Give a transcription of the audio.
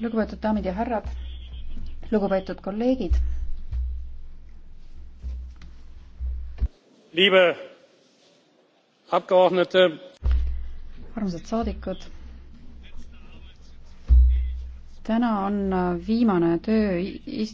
lugupeetud daamid ja härrad, lugupeetud kolleegid. armsad saadikud. täna on viimane töö